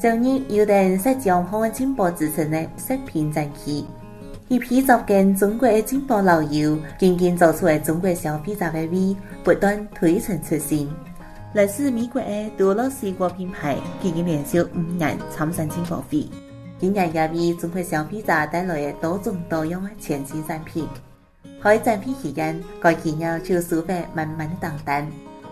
昨日，又在新疆開進博之前的新品展示，一批緊跟中國嘅進博老友，漸漸做出嘅中國消費者們不斷推陳出新。來自美國嘅多樂士國品牌，今年連續五年產生進博會，今年也為中國消費者帶來多種多樣嘅全新產品。開展品期間，該企業超數百滿滿訂單。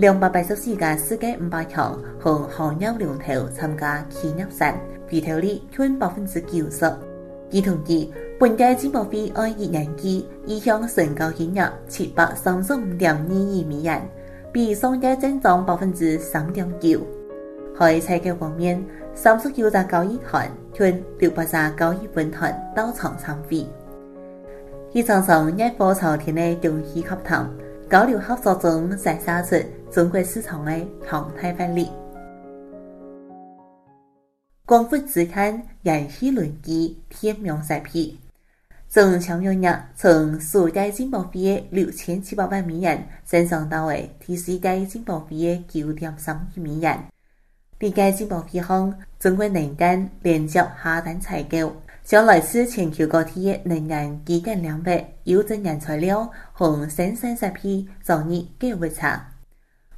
兩百八十四個世界五百強和行業龍頭參加簽約賽，回頭率約百分之九十。據統計，本屆進博會按一年計意向成交金額七百三十五點二億美元，比上屆增長百分之三點九。在採購方面，三十九家交易團，約六百家交易分團到場參會，一場場熱火朝天的交易洽談，交流合作中再加速。中國市場的常態發力，光伏資產延續輪機天量殺跌，正強用量從四屆進博會嘅六千七百萬美元增長到嘅第四屆進博會嘅九點三億美元。本屆進博會上，中國能建連續下單採購，將來自全球各地能源、機電、兩倍優質原材料和新興產品早日交付。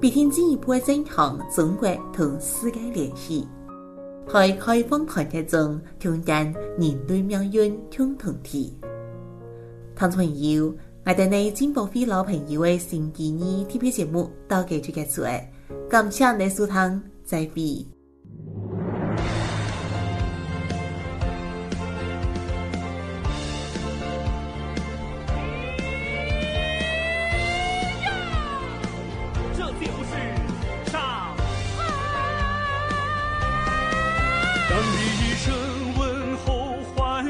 必定進一步增強，中國同世界聯繫，在開放團結中承擔，人類命運共同體。聽眾朋友，我哋嘅《進博會老朋友的》嘅新機遇 T V 節目到呢度結束，感謝你收看，再見。